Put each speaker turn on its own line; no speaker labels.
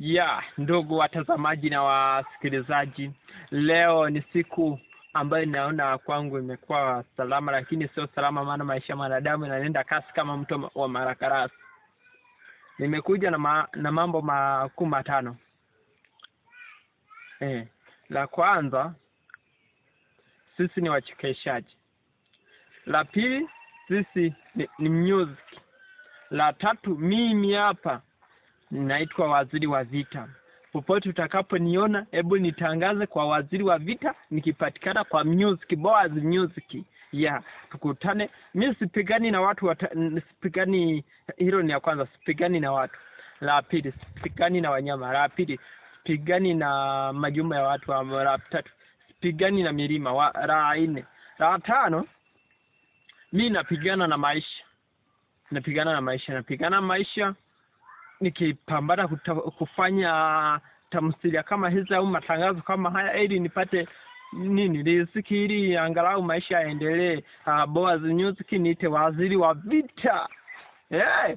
Ya ndugu watazamaji na wasikilizaji, leo ni siku ambayo inaona kwangu imekuwa salama, lakini sio salama, maana maisha ya mwanadamu inaenda kasi kama mto wa marakarasi. Nimekuja na, ma, na mambo makuu matano eh. La kwanza, sisi ni wachekeshaji. La pili, sisi ni, ni music. La tatu, mimi hapa Ninaitwa waziri wa vita. Popote utakaponiona, hebu nitangaze kwa waziri wa vita, nikipatikana kwa music boys music ya tukutane. Mi sipigani na watu wata, sipigani. Hilo ni ya kwanza, sipigani na watu. La pili, sipigani na wanyama. La pili, sipigani na majumba ya watu. La tatu, sipigani na milima wa, la nne, la tano, mi napigana na maisha, napigana na maisha, napigana na maisha nikipambana kufanya tamthilia kama hizi au matangazo kama haya ili nipate nini riziki ili angalau maisha yaendelee. Uh, Boaz Music niite waziri wa vita. Hey!